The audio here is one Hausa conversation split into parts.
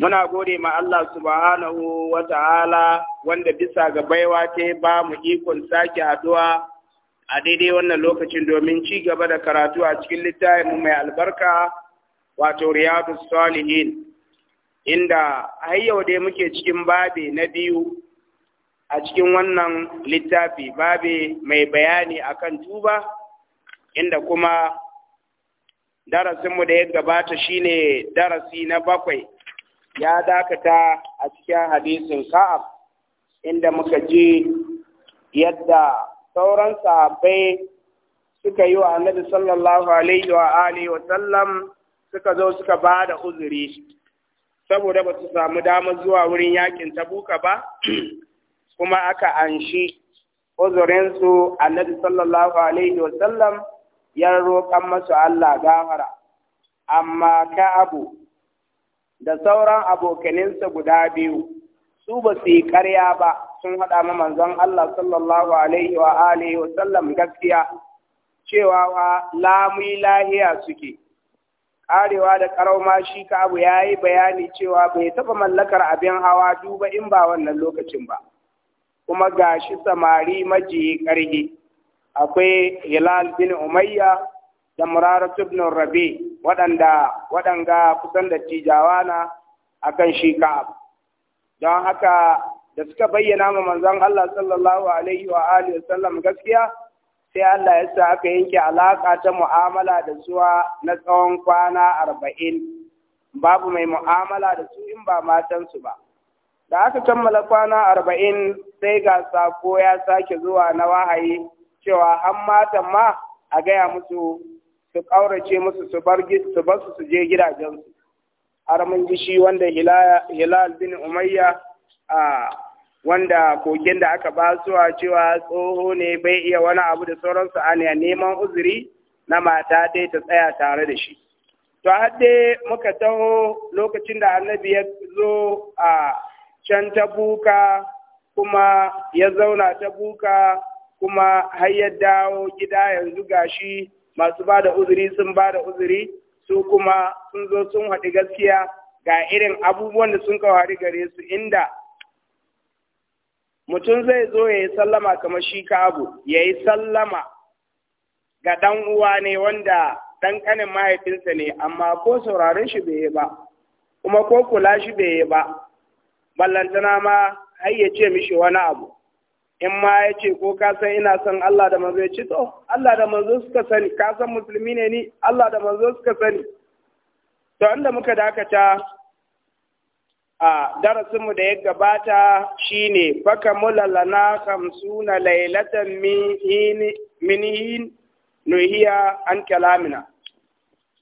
Muna gode ma Allah subhanahu wa ta'ala wanda bisa ga baiwa ta ba mu ikon sake addu'a a daidai wannan lokacin domin ci gaba da karatu a cikin littafin mai albarka wato riyadu salihin inda har yau dai muke cikin babe na biyu a cikin wannan littafi babe mai bayani a kan tuba inda kuma darasinmu da ya gabata shine darasi na bakwai ya dakata a cikin hadisin ka'ab inda muka ji yadda sauran sahabbai suka yi wa annabi sallallahu alaihi wa alihi wa sallam suka zo suka ba da uzuri saboda ba su samu damar zuwa wurin yakin tabuka ba kuma aka anshi uzurinsu annabi sallallahu alaihi wa sallam ya roƙan masu Allah gafara amma ka abu da sauran abokaninsa guda biyu su ba su yi ƙarya ba sun haɗa ma manzon Allah sallallahu alaihi wa alihi wa sallam gaskiya cewa wa lamu lahiya suke Ƙarewa da karauma shi ka abu ya yi bayani cewa bai taɓa mallakar abin hawa duba in ba wannan lokacin ba kuma ga shi samari majiyi ƙarhi akwai hilal bin umayya da muraratu ibn rabi' waɗanda waɗanga kusan da tijawa na akan shi ka'ab don haka da suka bayyana ma manzon Allah sallallahu alaihi wa alihi wasallam gaskiya sai Allah ya sa aka yanke alaƙa ta mu'amala da zuwa na tsawon kwana arba'in babu mai mu'amala da su in ba matansu ba da aka kammala kwana arba'in sai ga sako ya sake zuwa na wahayi cewa an matan ma a gaya musu su ƙaurace musu su bar su bar su su je gidajensu har mun ji shi wanda hilal bin umayya a wanda kogin da aka ba su a cewa tsoho ne bai iya wani abu da sauransu a neman uzuri na mata dai ta tsaya tare da shi to har dai muka taho lokacin da annabi ya zo a can ta buka kuma ya zauna ta buka kuma har ya dawo gida yanzu gashi masu ba da uzuri sun ba da uzuri su kuma sun zo sun haɗi gaskiya ga irin abubuwan da sun kawari gare su inda mutum zai zo ya yi sallama kamar shi ka abu ya yi sallama ga ɗan uwa ne wanda ɗan ƙanin mahaifinsa ne amma ko sauraron shi bai yi ba kuma ko kula shi bai yi ba ballantana ma har ya ce mishi wani abu in ma ya ce ko ka san ina son Allah da manzo ya ce to Allah da manzo suka sani ka san musulmi ne ni Allah da manzo suka sani to inda muka dakata a darasinmu da ya gabata shine baka mulalana hamsuna lailatan min hin nuhiya an kalamina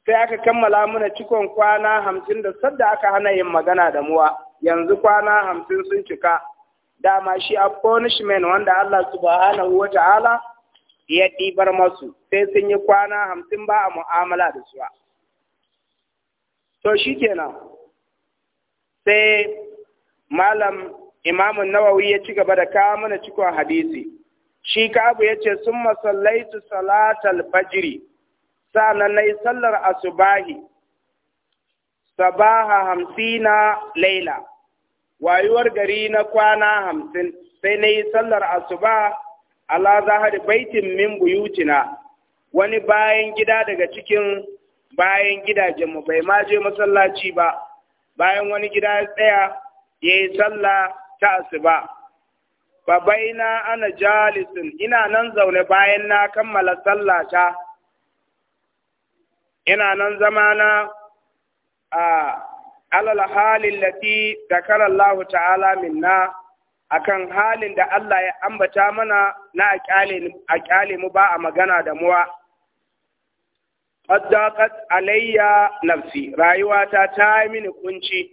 sai aka kammala mana cikon kwana hamsin da sadda aka hana yin magana da muwa yanzu kwana hamsin sun cika dama shi a punishment wanda Allah subhanahu wa ta'ala ya ɗibar masu sai sun yi kwana hamsin ba a mu'amala da su to shi kenan sai malam imamun nawawi ya ci gaba da kawo mana cikon hadisi shi kabu ya ce sun masallaitu salatal fajiri sa'annan na yi sallar asubahi sabaha hamsina laila wayuwar gari na kwana hamsin sai na yi sallar asuba ala zahar baitin min buyutina wani bayan gida daga cikin bayan gidajenmu bai ma je masallaci ba bayan wani gida ya tsaya ya yi sallah ta asuba Babaina na ana jalisin ina nan zaune bayan na kammala sallah ta ina nan zamana a alal halin lati da Allah ta'ala minna akan halin da Allah ya ambata mana na a kyale mu ba a magana da muwa. Qaddaqat alayya nafsi rayuwata ta yi mini kunci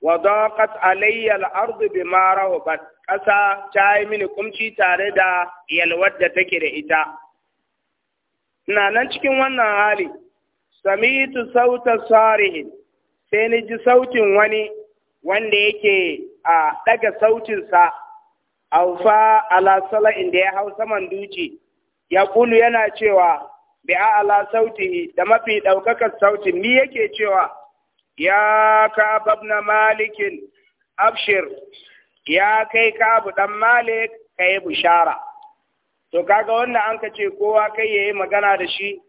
wa daqat alayya al bi bima rahabat ƙasa ta yi mini kunci tare da yalwar da take da ita. Ina nan cikin wannan hali samitu sauta sarihin sai ni ji sautin wani wanda yake a ɗaga sautinsa aufa ala sala inda ya hau saman duci ya kulu yana cewa bi ala sauti da mafi ɗaukakar sautin ni yake cewa ya ka na malikin abshir ya kai kabu dan malik ka yi bishara to kaga wannan an ka ce kowa kai ya yi magana da shi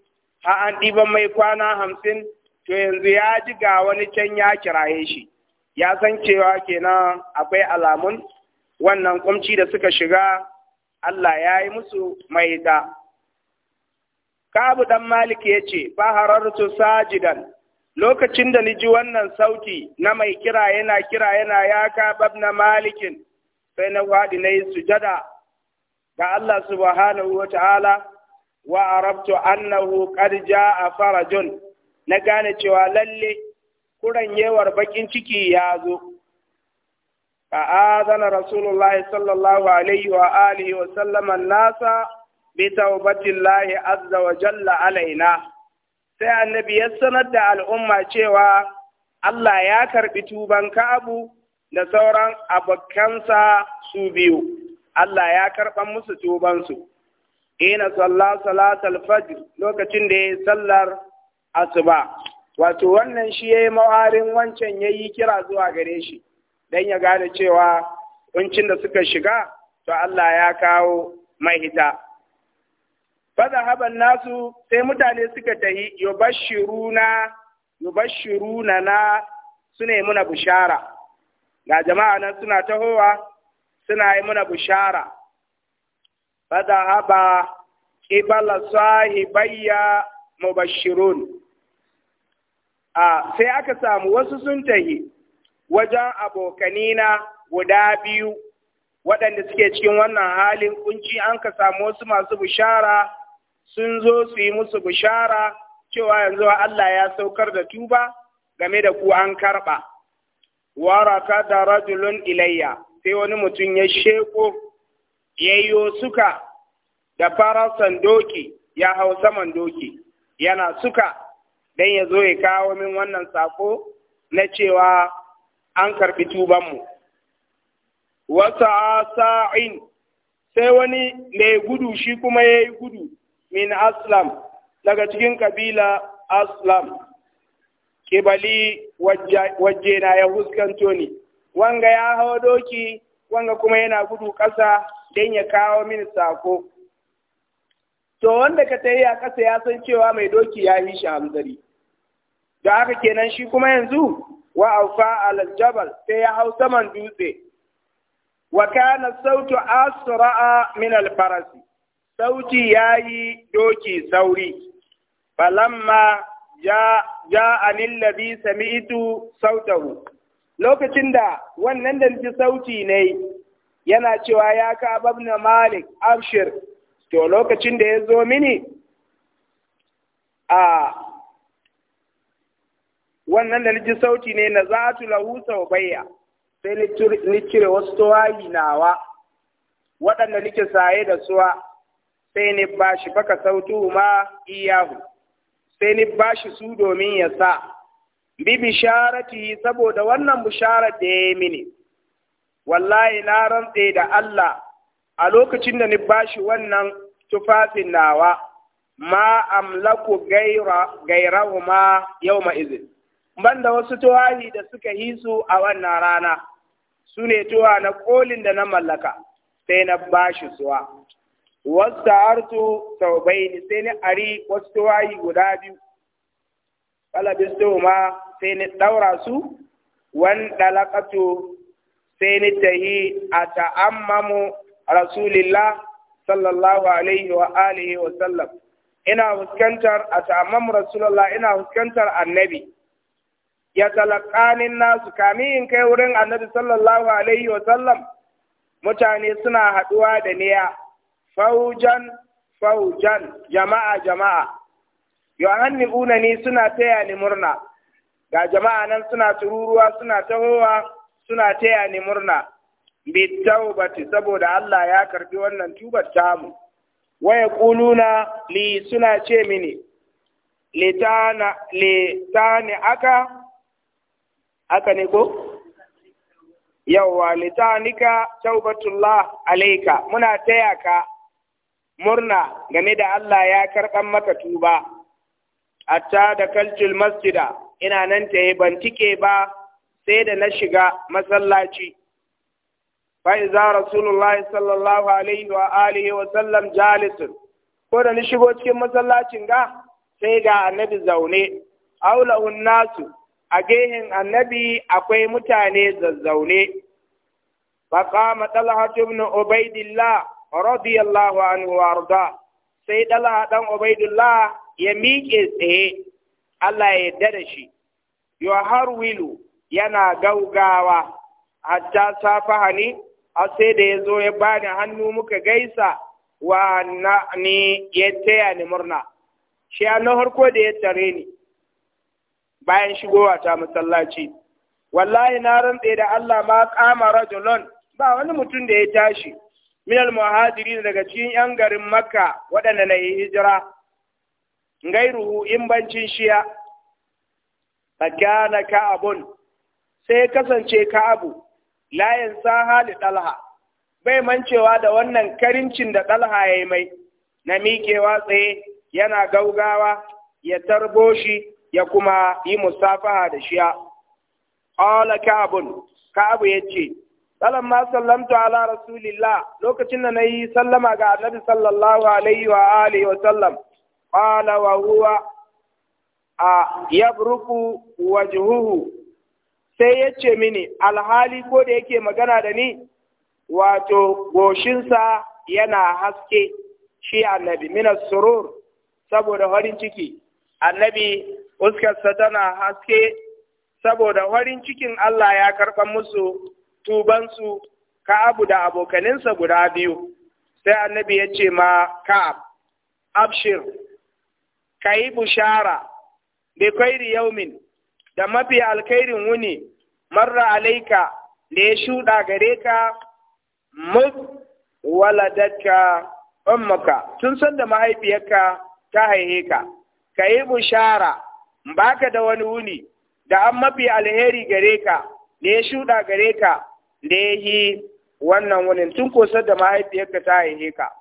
ha an ɗiban mai kwana hamsin to yanzu ya ji ga wani can ya kiraye shi ya san cewa kenan akwai alamun wannan kumci da suka shiga Allah ya yi musu maita Kabu dan Malik ya ce, fahararsu sajidan, lokacin da ni ji wannan sauti na mai kira yana kira yana ya kabab na malikin, sai na waɗi na yi sujada ga Allah subhanahu wa ta'ala, wa arabtu annahu qad ja'a farajun na gane cewa lalle yawar bakin ciki ya zo ka azana rasulullahi sallallahu alaihi wa alihi wa sallam nasa bi taubatillahi azza wa jalla alaina sai annabi ya sanar da al'umma cewa Allah ya karbi tuban Ka'abu da sauran abokansa su biyu Allah ya karban musu tubansu ina salla salatal fajr lokacin da ya sallar asuba wato wannan shi yayi mawarin wancan yayi kira zuwa gare shi dan ya gane cewa kuncin da suka shiga to Allah ya kawo mahita fada haban nasu sai mutane suka tahi yubashiruna yubashiruna na su muna bushara. ga jama'a nan suna tahowa suna yi muna bishara fada haba qibala sahibayya mubashirun a sai aka samu wasu sun tahi wajen abokanina guda biyu waɗanda suke cikin wannan halin kunci an ka samu wasu masu bishara sun zo su yi musu bishara cewa yanzu Allah ya saukar da tuba game da ku an karɓa. Waraka da rajulun ilayya sai wani mutum ya sheko yi suka da farasan doki ya hau saman doki yana suka dan ya zo ya kawo min wannan sako na cewa an karbi tubanmu Wasu sa'in sai wani mai gudu shi kuma ya yi gudu min aslam daga cikin kabila aslam kebali waje na ya huskanto ni wanga ya hawa doki wanga kuma yana gudu ƙasa don ya kawo min sako to wanda ka tayi a ƙasa ya san cewa mai doki ya yi shi hamzari Da haka kenan shi kuma yanzu wa aufa al jabal sai ya hau saman dutse wa kana sautu asra'a min al farasi sauti yayi doki sauri falamma ja ja anil ladhi sami'tu sautahu lokacin da wannan da ji sauti ne yana cewa ya ka babna malik abshir to lokacin da ya zo mini a wannan da nake sauti ne na za zatu wa baya sai ni cire wasu tawayi nawa waɗanda nake saye da suwa sai ni bashi baka sautu ma iyahu sai ni bashi su domin ya sa bi bisharati saboda wannan bisharar da ya yi mini wallahi na rantse da Allah a lokacin da ni bashi wannan tufafin nawa ma amlaku gaira yau yawma izin banda wasu tuwahi da suka yi su a wannan rana su ne tuwa na kolin da na mallaka sai na bashi suwa wasu ta'artu taubaini sai ni ari wasu tuwahi guda biyu kalabistu ma sai ni ɗaura su wan dalakatu sai ni yi a ta'ammamu rasulillah sallallahu alaihi wa alihi wa sallam ina fuskantar a ta'ammamu rasulullah ina fuskantar annabi ya talaqanin nasu kami in kai wurin annabi sallallahu alaihi wa sallam mutane suna haɗuwa da niya faujan faujan jama'a jama'a yuhannibuna ni suna taya ni murna ga jama'a nan suna tururuwa suna tahowa suna taya ni murna bi saboda Allah ya karbi wannan tubar tamu waya kuluna li suna ce mini litana litani aka haka ne ko yawwa litanika taubatullah alaika muna taya ka murna game da Allah ya karɓan maka tuba hatta da kalcil masjida ina nan ta ban tike ba sai da na shiga masallaci Fa'iza iza Rasulullah sallallahu alaihi wa alihi wa sallam jalisun ko da ni shigo cikin masallacin ga sai ga annabi zaune aulahun nasu a gehen annabi akwai mutane zazzaune فقام طلحة بن عبيد الله radiyallahu anhu, wa sai Dala ɗan Ubaidullah ya miƙe tsaye, Allah ya yarda da shi, har wilu yana gaugawa, hatta safa ni, a sai da ya zo ya bani hannu muka gaisa wa na ni ya taya ni murna. Shi a na harko da ya tare ni, bayan shigowa ta masallaci wallahi na rantse da Allah ma kama rajulon ba wani mutum da ya tashi minal muhajirin daga cikin yan garin makka waɗanda na yi hijira gairuhu in bancin shiya ka ka'abun sai kasance ka'abu layin saha da ɗalha bai mancewa da wannan karincin da ɗalha ya yi mai na miƙewa tsaye yana gaugawa ya tarbo shi ya kuma yi musafaha da shiya qala ka'bun ka'bu yace salam ma sallamtu ala rasulillah lokacin da na yi sallama ga annabi sallallahu alaihi wa alihi wa sallam qala wa huwa a yabruku wajhuhu sai yace mini alhali ko da yake magana da ni wato goshinsa yana haske shi annabi minas surur saboda farin ciki annabi fuskarsa tana haske saboda farin cikin Allah ya karɓa musu tubansu Ka'abu da abokaninsa guda biyu, sai annabi ya ce ma Ka'ab, Abshir, ka yi bushara, bi kairi yaumin, da mafi alkairin wuni, marra alaika da ya shuɗa gare ka, mud waladaka ummaka tun sanda mahaifiyarka ta haihe ka, ka yi bushara. Ba baka da wani wuni da an mafi alheri gare ka da ya shuɗa gare ka da ya yi wannan wunin tun kosar da mahaifiyarka ta haihe ka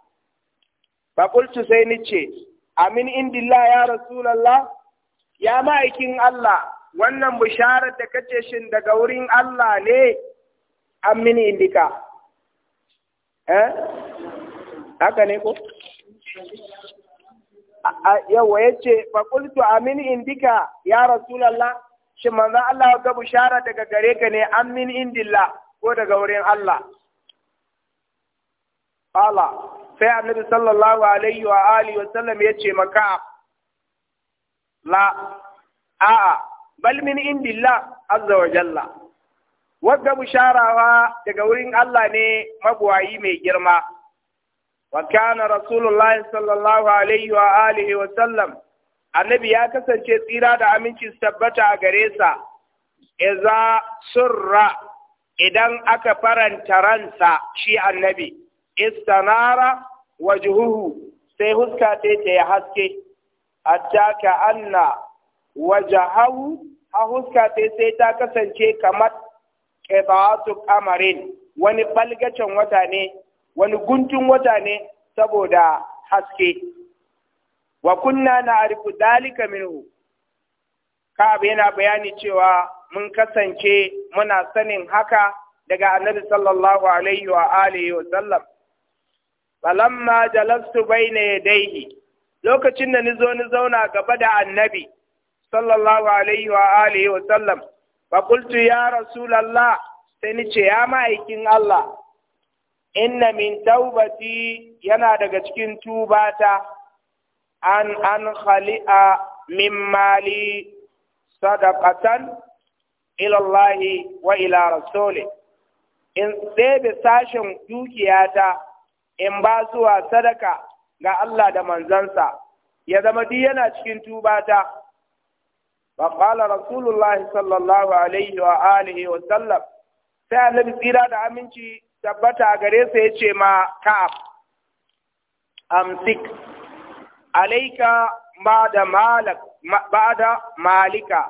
fakultu sai ni ce amin indilla ya rasulallah ya ma'aikin Allah wannan bisharar da kace shin daga wurin Allah ne amin indika eh haka ne ko yawa yace fa qultu amin indika ya rasulullah shi manzo Allah ga bushara daga gare ka ne amin indilla ko daga wurin Allah Allah sai annabi sallallahu alaihi wa alihi wa sallam ce maka la a'a bal min indilla, azza wa jalla wadda busharawa daga wurin Allah ne mabuwayi mai girma wa kana rasulullahi sallallahu alaihi wa alihi wa sallam annabi ya kasance tsira da aminci su tabbata a gare sa idza surra idan aka faranta ransa shi annabi istanara wajhuhu sai huska ta ya haske hatta ka anna wajahu a huska ta sai ta kasance kamar qibatu qamarin wani balgacen wata ne wani guntun wata ne saboda haske wa kunna na arifu dalika minhu abu yana bayani cewa mun kasance muna sanin haka daga annabi sallallahu alaihi wa alihi wa sallam falamma jalastu baina yadayhi lokacin da nizo ni zauna gaba da annabi sallallahu alaihi wa alihi wa sallam fa qultu ya lalla sai ni ce ya ma'aikin Allah inna min taubati yana daga cikin tubata an an khali'a min mali sadaqatan ila Allah wa ila rasuli in ɗebe sashen dukiyata in ba zuwa sadaka ga Allah da manzansa ya zama duk yana cikin tubata wa qala rasulullahi sallallahu alaihi wa alihi wa sallam sai annabi tsira da aminci tabbata gare sa ce ma ka'ab amsik alaika ba'da malak malika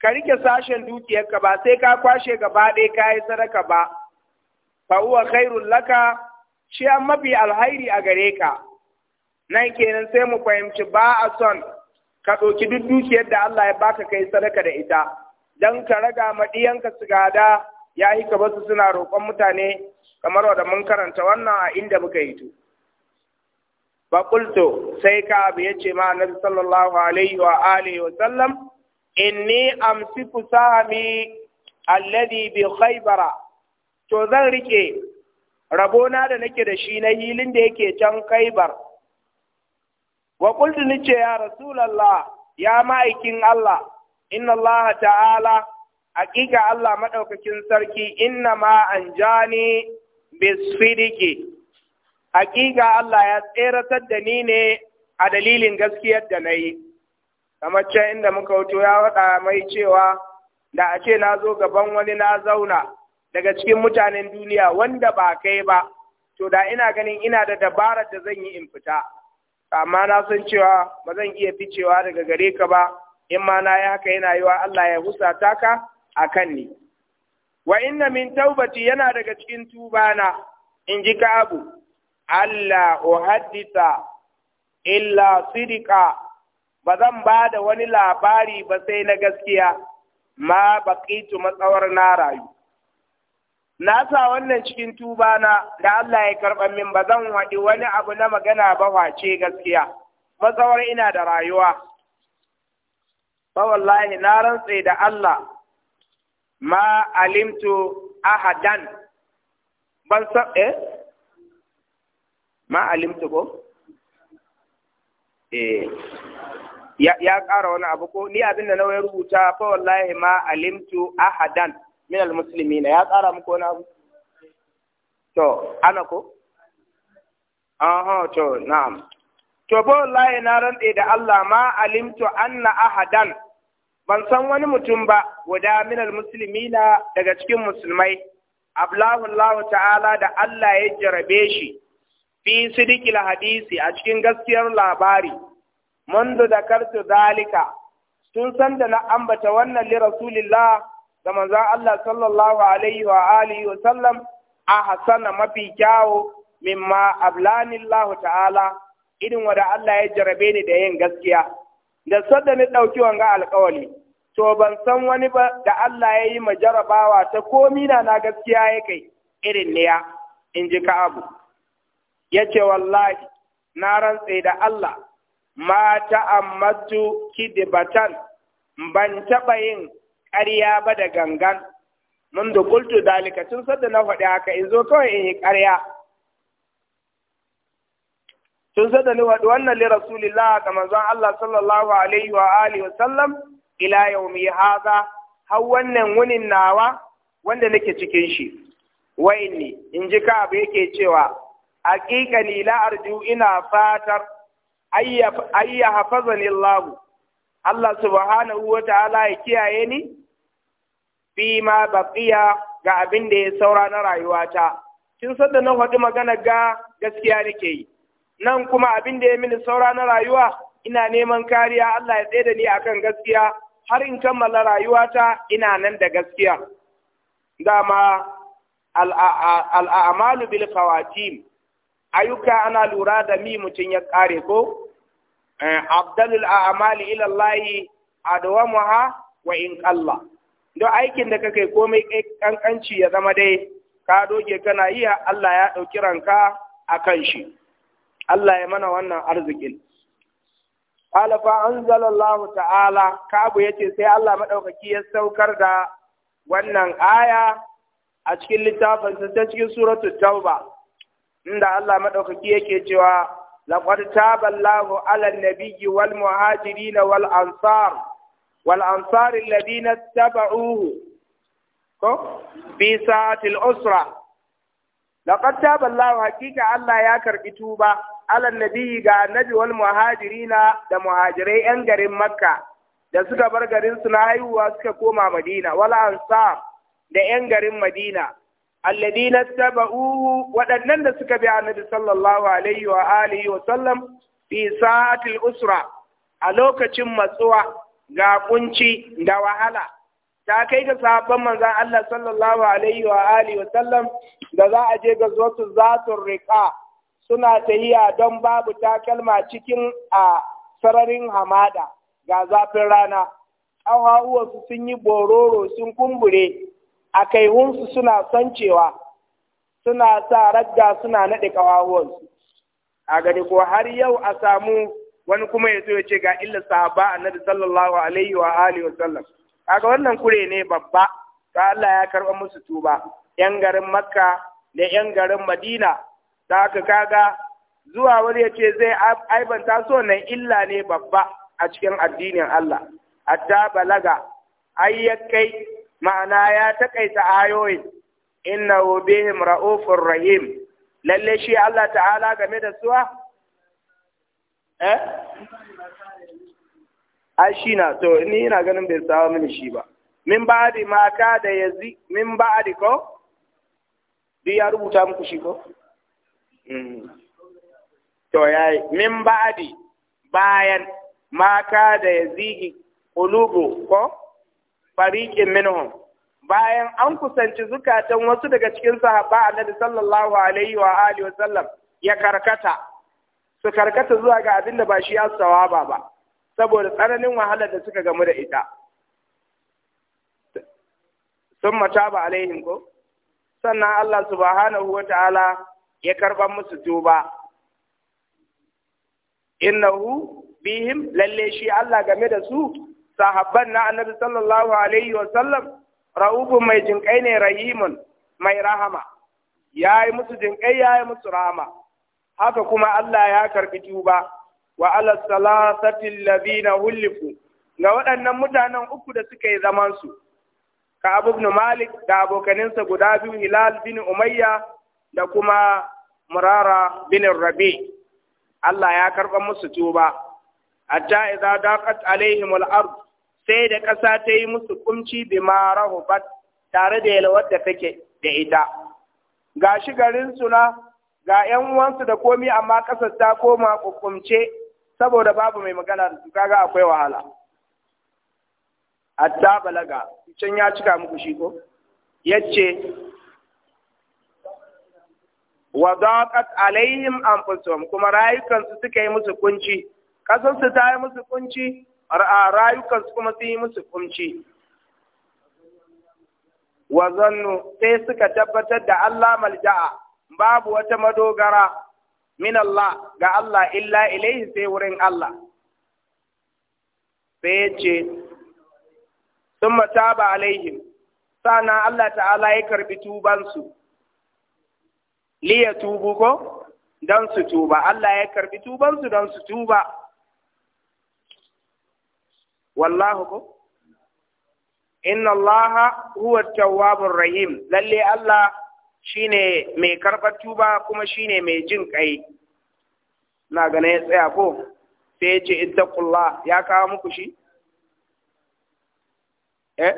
ka rike sashen dukiyarka ba sai ka kwashe gaba ɗaya ka yi sadaka ba fa huwa khairul laka shi an mafi alhairi a gare ka nan kenan sai mu fahimci ba a son ka ɗauki duk dukiyar da Allah ya baka kai sadaka da ita don ka raga maɗiyanka sigada. su gada ya yi ka basu suna roƙon mutane kamar wadda mun karanta wannan a inda muka yi to fa sai ka abu ce ma sallallahu alaihi wa alihi wa sallam inni amsiku sahami alladhi bi khaybara to zan rike rabona da nake da shi na hilin da yake can khaybar wa qultu ce ya rasulullah ya ma'aikin Allah inna Allah ta'ala hakika Allah maɗaukakin sarki inna ma an ja anjani bisfidiki, hakika Allah ya tseratar da ni ne a dalilin gaskiyar da na yi. kamar can inda muka wuto ya waɗa mai cewa da a ce na zo gaban wani na zauna daga cikin mutanen duniya wanda ba kai ba to da ina ganin ina da dabarar da zan yi in fita amma na san cewa ba zan iya ficewa daga gare ka ba in ma na yi haka yana yiwa Allah ya husata ka akan ni wa inna min taubati yana daga cikin tubana in ji kabu Allah O uhaddisa illa sidika ba zan ba da wani labari ba sai na gaskiya ma baqitu matsawar na rayu na sa wannan cikin tubana da Allah ya karɓa min ba zan waɗi wani abu na magana ba wace gaskiya matsawar ina da rayuwa ba wallahi na rantse da Allah ma alimtu ahadan eh ma alimtu ko eh ya ya abu ko ni abin da rubuta fa wallahi ma alimtu ahadan min ya abu to ana ko aha to na'am to na rantse da Allah ma anna ahadan ban san wani mutum ba guda minal na daga cikin musulmai ablahu ta'ala da Allah ya jarabe shi fi sidikila hadisi a cikin gaskiyar labari mundu da kartu zalika. Sun san da na ambata wannan li rasulillah da manzon Allah sallallahu alaihi wa alihi wa sallam a hasana mafi kyawo mimma ablani ta'ala irin wada Allah ya jarabe ni da yin gaskiya da sadda ni ɗauki wanga alƙawali to ban san wani ba da Allah ya yi ma jarabawa ta komi na na gaskiya ya kai irin niya in ji abu. ya ce wallahi na rantse da Allah ma ta'ammatu kidibatan ban taɓa yin ƙarya ba da gangan mun da kultu dalika tun sadda na faɗi haka in zo kawai in yi ƙarya tun zada ni wadu wannan li rasulillah ga manzon Allah sallallahu alaihi wa alihi wasallam ila yaumi hadha har wannan wunin nawa wanda nake cikin shi wa inni in ji ka abu yake cewa haqiqani la arju ina fatar ayya hafazani Allah Allah subhanahu wa ta'ala ya kiyaye ni fi ma baqiya ga abin da ya saura na rayuwata tun sanda na faɗi magana ga gaskiya nake yi nan kuma abin da ya mini saura na rayuwa ina neman kariya Allah ya tsaye da ni akan gaskiya har in kammala rayuwata ina nan da gaskiya dama al'amalu bil qawatim ayyuka ana lura da mi mutum ya kare ko eh, abdalul a'mali ila Allah adwamuha wa in qalla don aikin da kake komai kankanci ya zama dai ka doge kana iya Allah ya dauki ranka akan shi Allah ya mana wannan arzikin alafa anzalallahu ta'ala kabu yace sai Allah maɗaukaki ya saukar da wannan aya a cikin littafin ta cikin suratu tauba inda Allah maɗaukaki yake cewa laqad taballahu 'ala nabiyyi wal muhajirin wal ansar wal ansar alladhina tabauhu ko bi sa'atil usra laqad taba Allah hakika Allah ya karɓi tuba alan nabi ga annabi wal muhajirina da muhajirai yan garin makka da suka bar garinsu na haihuwa suka koma madina wal ansar da yan garin madina alladina taba'uhu waɗannan da suka bi annabi sallallahu alaihi wa wa sallam fi sa'atil usra a lokacin matsuwa ga kunci da wahala ta kai ga sahabban manzan Allah sallallahu alaihi wa alihi wa sallam da za a je ga zuwatu zatu riƙa suna tahiya don babu takalma cikin a sararin hamada ga zafin rana su sun yi bororo sun kumbure a kaihunsu suna cewa suna sa ragga suna naɗe ƙawahuwarsu a gani ko har yau a samu wani kuma ya zo ya ce ga illa sahaba annabi sallallahu alaihi wa alihi wa sallam kaga wannan kure ne babba ta Allah ya karba musu tuba yan garin makka da yan garin madina da haka kaga zuwa wani ya ce zai aibanta so nan illa ne babba a cikin addinin Allah hatta balaga ayyakai ma'ana ya takaita ayoyin Inna bihim ra'ufur rahim lalle shi Allah ta'ala game da suwa eh ai shi na so ni ina ganin bai samu mini shi ba min ba'di ma ka da yazi min ba'di ko duk ya rubuta muku shi ko mm. to yayi min ba'di bayan ma ka da yazigi qulubu ko fariqin minhum bayan an kusanci zukatan wasu daga cikin sahaba annabi sallallahu alaihi wa alihi wa sallam ya karkata su karkata zuwa ga abin da ba shi ya sawaba ba saboda tsananin wahalar da suka gamu da ita sun mata ba alaihin ko sannan Allah subhanahu wa ta'ala ya karɓar musu tuba innahu bihim lalle shi Allah game da su sahabban na annabi sallallahu alaihi wa sallam ra'ubun mai jinƙai ne rahimun mai rahama ya yi musu jinƙai ya yi musu rahama haka kuma Allah ya karɓi tuba wa ala salasati alladhina hulifu ga waɗannan mutanen uku da suka yi zaman su ka Abu ibn Malik da abokaninsa guda biyu Hilal bin Umayya da kuma Murara bin Rabi Allah ya karɓa musu tuba hatta idza daqat alaihim al-ard sai da ƙasa ta yi musu kumci ma rahubat tare da yalwar da take da ita gashi garin suna ga ‘yan uwansu da komi amma ƙasar ta koma kukumce saboda babu mai magana da su kaga akwai wahala hatta balaga can ya cika muku shi ko yace wa daqat alaihim anfusuhum kuma rayukansu suka yi musu kunci kasan su ta yi musu kunci rayukansu kuma sun yi musu kunci wa zannu sai suka tabbatar da Allah malja'a babu wata madogara min Allah ga Allah illa ilaihi sai wurin Allah sai ya ce sun mataba alaihim sana Allah ta'ala ya karbi tubansu liya tubu ko don su tuba Allah ya karbi tubansu don su tuba wallahu ko inna Allah huwa tawwabur rahim lalle Allah shine mai karɓar tuba kuma shine mai jin kai na gane ya tsaya ko sai ya ce ittaqullah ya kawo muku shi eh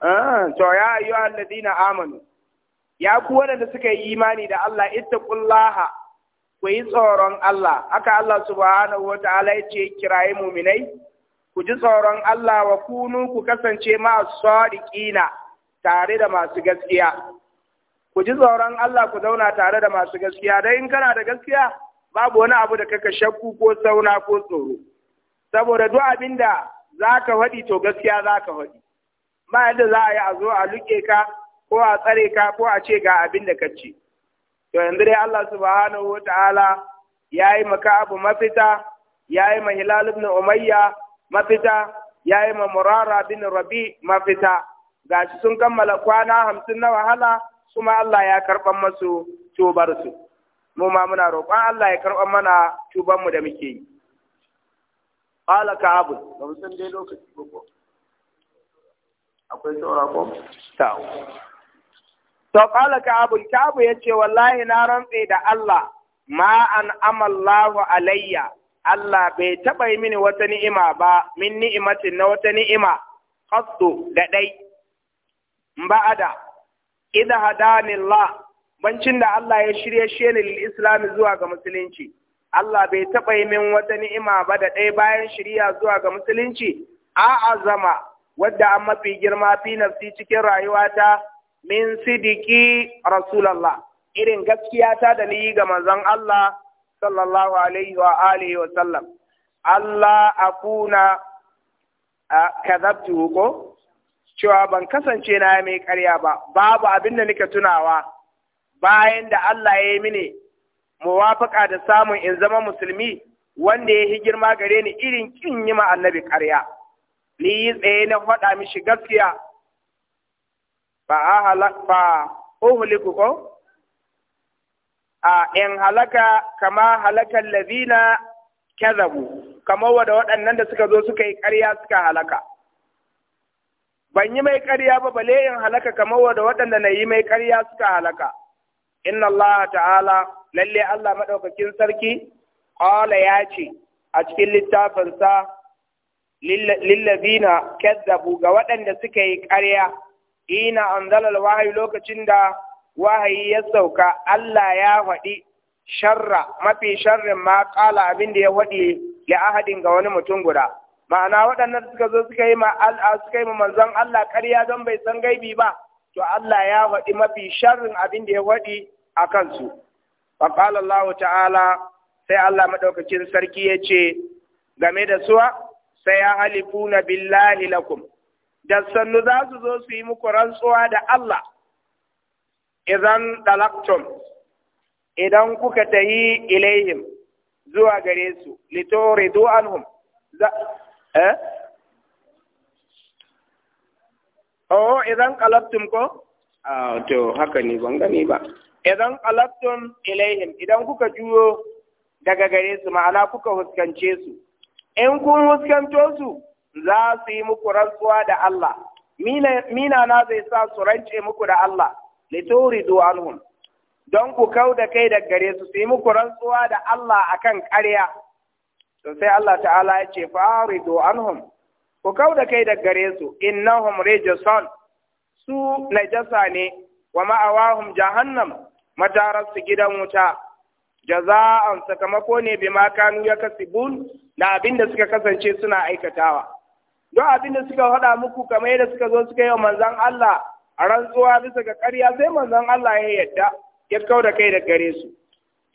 ah to ya ayyuhal na amanu ya ku waɗanda suka yi imani da Allah ittaqullaha ku yi tsoron Allah aka Allah subhanahu wataala ya ce kiraye muminai ku ji tsoron Allah wa kunu ku kasance ma sadiqina tare da masu gaskiya ku ji tsoron Allah ku zauna tare da masu gaskiya dai in kana da gaskiya babu wani abu da kaka shakku ko sauna ko tsoro saboda duk abin da za ka faɗi to gaskiya za ka faɗi ba yadda za a yi a zo a luke ka ko a tsare ka ko a ce ga abin da ka ce to yanzu dai Allah subhanahu wa ta'ala ya yi maka abu mafita ya yi ma hilal ibn umayya mafita ya yi ma murara bin rabi mafita Ga shi sun kammala kwana hamsin na wahala kuma Allah ya karɓan masu tubarsu mu ma muna roƙon Allah ya karɓan mana tubanmu da muke yi ka abu, ba mu san dai lokaci ba ko akwai saura ko ta'u to qala abu ya ce wallahi na rantse da Allah ma an amallahu alayya Allah bai taɓa yi mini wata ni'ima ba min ni'imatin na wata ni'ima qasdu da ɗai. ba'ada idha hadani Allah bancin da Allah ya shirye shi ne lil islam zuwa ga musulunci Allah bai taɓa yi min wata ni'ima ba da ɗaya bayan shirya zuwa ga musulunci a azama wadda an mafi girma fi nafsi cikin rayuwata min sidiki rasulallah irin gaskiya ta da ni ga manzon Allah sallallahu alaihi wa alihi wa sallam Allah akuna kadabtu ko cewa ban kasance na ya mai karya ba babu abin da nika tunawa bayan da Allah ya yi mini muwafaka da samun in zama musulmi wanda ya yi girma gare ni irin kin yi ma annabi karya ni yi tsaye na faɗa mishi gaskiya ba a halaka uhuliku ko a in halaka kama halakan labina kyazabu, kama wada waɗannan da suka zo suka yi ƙarya suka halaka ban yi mai ƙarya ba bale in halaka kamar wanda waɗanda na yi mai ƙarya suka halaka inna Allah ta'ala lalle Allah madaukakin sarki qala ya ce a cikin littafinsa lillazina kazzabu ga waɗanda suka yi ƙarya ina anzalal wahayi lokacin da wahayi ya sauka Allah ya faɗi sharra mafi sharrin ma ƙala abin da ya faɗi ya ahadin ga wani mutum guda ma'ana waɗannan suka zo suka yi ma suka yi ma manzon Allah ƙarya don bai san gaibi ba to Allah ya faɗi mafi sharrin abin da ya faɗi a kansu fa qala Allah ta'ala sai Allah madaukakin sarki ya ce game da suwa sai ya halifuna billahi lakum da sannu za su zo su yi muku rantsuwa da Allah idan dalaktum idan kuka tayi ilaihim zuwa gare su litoridu anhum eh oh idan qalabtum ko ah to haka ne ban gani ba idan qalabtum ilaihim idan kuka juyo daga gare su ma'ana kuka huskance su in kun huskanto su za su yi muku rantsuwa da Allah mina na zai sa su rance muku da Allah lituridu anhum don ku kau da kai da gare su su yi muku rantsuwa da Allah akan ƙarya sai Allah ta'ala ya ce faridu anhum ku kauda kai da gare su innahum rijsun su najasa ne wa ma'awahum jahannam madaras gidan wuta jaza'an sakamako ne bima kanu ya kasibun da abinda suka kasance suna aikatawa don abinda suka faɗa muku kamar yadda suka zo suka yi wa manzon Allah a rantsuwa bisa ga ƙarya sai manzon Allah ya yadda ya kauda kai da gare su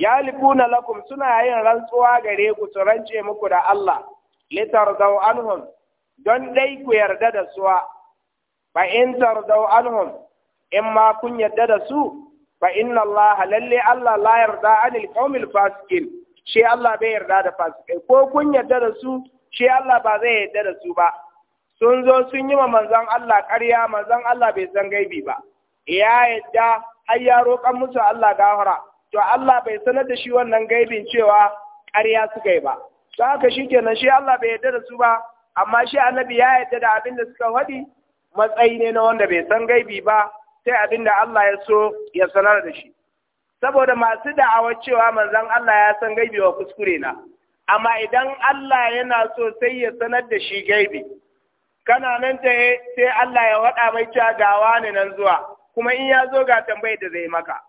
yalifuna lakum suna yin rantsuwa gare ku su rance muku da Allah Litar litardau anhum don dai ku yarda da suwa fa in tardau anhum in ma kun yarda da su fa inna Allah lalle Allah la yarda anil qawmil fasikin shi Allah bai yarda da fasikai ko kun yarda da su shi Allah ba zai yarda da su ba sun zo sun yi ma manzon Allah ƙarya manzon Allah bai san gaibi ba ya yarda har kan musu Allah gafara to Allah bai sanar da shi wannan gaibin cewa ƙarya suka yi ba to haka shi kenan shi Allah bai yarda da su ba amma shi annabi ya yarda da abin da suka faɗi matsayi ne na wanda bai san gaibi ba sai abin da Allah ya so ya sanar da shi saboda masu da'awar cewa manzon Allah ya san gaibi wa kuskure na amma idan Allah yana so sai ya sanar da shi gaibi kana nan ta sai Allah ya waɗa mai cewa gawa ne nan zuwa kuma in ya zo ga tambayar da zai maka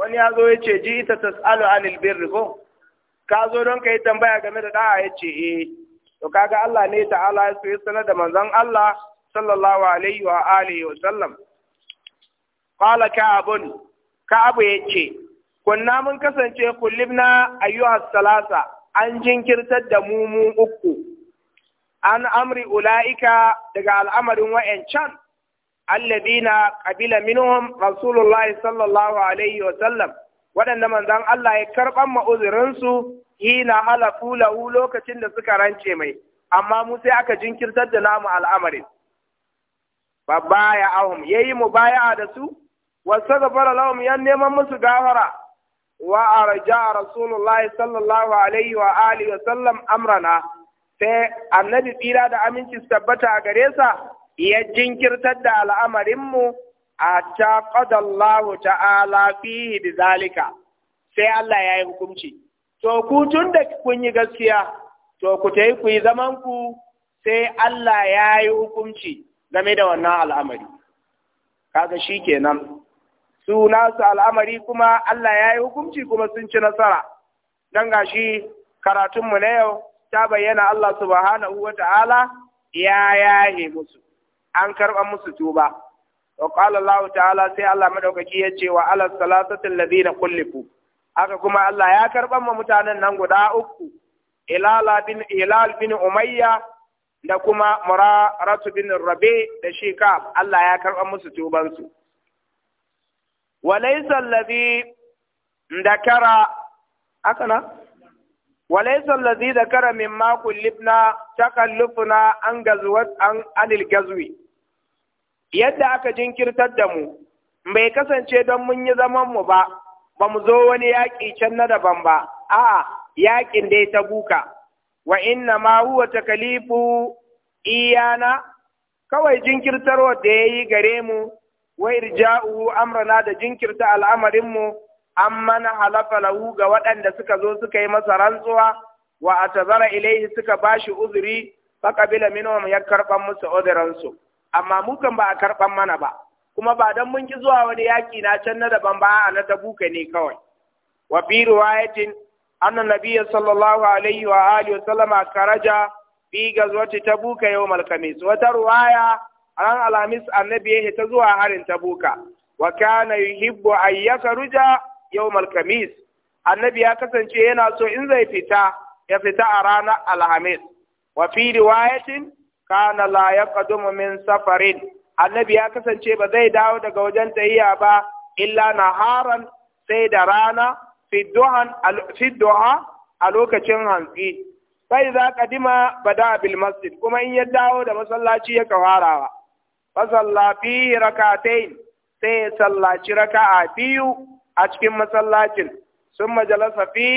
wani ya zo ya ce ji ita tsalo an birri ko ka zo don ka yi tambaya game da da'a ya ce e to kaga Allah ne ta'ala ya soye sanar da manzon Allah sallallahu alaihi wa alihi wa sallam qala ka'abun ka'abu ya ce kunna mun kasance kullibna ayyuha salasa an jinkirtar da mu mu uku an amri ula'ika daga al'amarin can alladina kabila minhum rasulullahi sallallahu alaihi wa sallam waɗanda manzon Allah ya karɓan ma'uzurinsu hina halafu lahu lokacin da suka rance mai amma mu sai aka jinkirtar da namu al'amarin babba ya ahum yayi mubaya'a da su wasu gafara lahum yan neman musu gafara wa arja rasulullahi sallallahu alaihi wa alihi wa sallam amrana sai annabi tsira da aminci su tabbata a gare sa ya jinkirtar da al'amarinmu a ta ƙadallahu ta'ala fihi da zalika sai Allah ya yi hukunci. To ku tun da kun yi gaskiya, to ku ta yi ku yi zamanku sai Allah ya yi hukunci game da wannan al'amari. Kaga shi kenan. Su nasu al'amari kuma Allah ya yi hukunci kuma sun ci nasara. Don ga shi karatunmu na yau ta bayyana Allah subhanahu wa ta'ala ya yahe musu. an karɓa musu tuba wa qala Allah ta'ala sai Allah madaukaki ya ce wa ala salatati alladhina kullifu haka kuma Allah ya karɓa ma mutanen nan guda uku Hilal bin Hilal bin Umayya da kuma Muraratu bin Rabi da shi Shikab Allah ya karɓa musu tuban su wa laysa alladhi dakara akana وليس الذي ذكر مما كلفنا an عن an عن yadda aka jinkirtar da mu bai kasance don mun yi zaman mu ba ba mu zo wani yaƙi can na daban ba a'a yaƙin dai ta buka wa inna ma huwa takalifu iyana kawai jinkirtarwar da ya yi gare mu wa irja'uhu amrana da jinkirta al'amarinmu an mana halafa lahu ga waɗanda suka zo suka yi masa rantsuwa wa atazara ilaihi suka bashi uzuri faqabila minhum ya karɓar musu uzuransu amma mu kan ba a karɓan mana ba kuma ba dan mun ki zuwa wani yaki na can na daban ba a na tabuka ne kawai wa bi riwayatin anna nabiyya sallallahu alaihi wa alihi wa karaja fi gazwati tabuka yawmal khamis wata riwaya ran alhamis annabi ya ta zuwa harin tabuka wa kana yuhibbu an yau yawmal khamis annabi ya kasance yana so in zai fita ya fita a ranar alhamis wa fi riwayatin kana la yaqdumu min safarin annabi ya kasance ba zai dawo daga wajen tayiya ba illa naharan sai da rana fi a lokacin hantsi sai za kadima bada bil masjid kuma in ya dawo da masallaci ya kawarawa fasalla fi rakatain sai ya sallaci raka'a biyu a cikin masallacin sun majalasa fi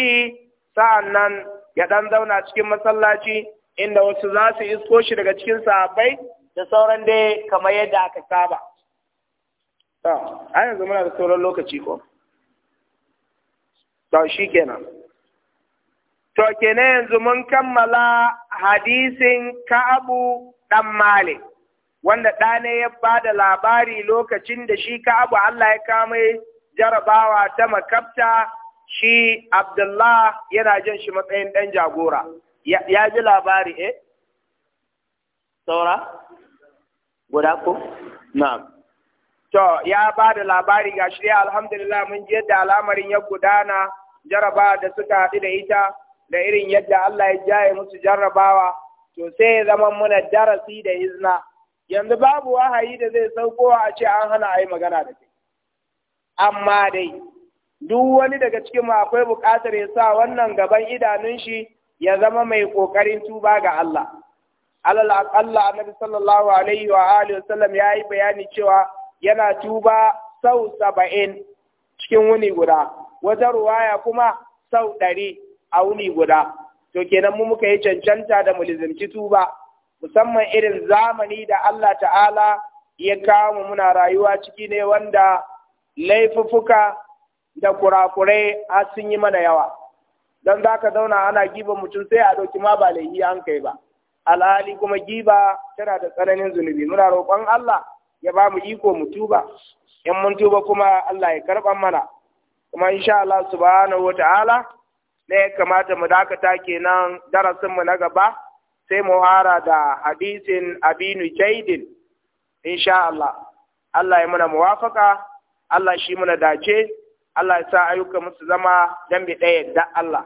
sa'an nan ya ɗan zauna cikin masallaci inda wasu za su isko shi daga cikin sahabbai da sauran dai kamar yadda aka saba a yanzu muna da sauran lokaci ko to shi kenan to kenan yanzu mun kammala hadisin ka'abu ɗan malik wanda ɗane ya ba da labari lokacin da shi ka'abu Allah ya kama jarabawa ta makabta shi Abdullah yana jan shi matsayin ɗan jagora. ya ji labari eh saura guda ko na'am to ya ba da labari ga shi alhamdulillah mun ji yadda al'amarin ya gudana jaraba da suka haɗu da ita da irin yadda Allah ya jaye musu jarrabawa to sai ya zama muna darasi da izna yanzu babu wahayi da zai saukowa a ce an hana a yi magana da kai amma dai duk wani daga cikin mu akwai buƙatar ya sa wannan gaban idanun shi ya zama mai ƙoƙarin tuba ga Allah. Alal aƙalla annabi sallallahu alaihi wa alihi wasallam ya yi bayani cewa yana tuba sau saba'in cikin wuni guda, wata ruwaya kuma sau ɗari a wuni guda. To kenan mu muka yi cancanta da mu lizimci tuba, musamman irin zamani da Allah ta'ala ya kama muna rayuwa ciki ne wanda laifufuka da kurakurai har sun yi mana yawa. dan za ka zauna ana giba mutum sai a ɗauki ma ba laifi an kai ba alhali kuma giba tana da tsananin zunubi muna roƙon Allah ya ba mu iko mu tuba in mun tuba kuma Allah ya karɓa mana kuma insha Allah subhanahu wata'ala ne ya kamata mu dakata kenan darasin mu na gaba sai mu hara da hadisin abinu jaidin insha Allah Allah ya muna muwafaka Allah shi muna dace Allah ya sa ayyuka musu zama dambe ɗaya da Allah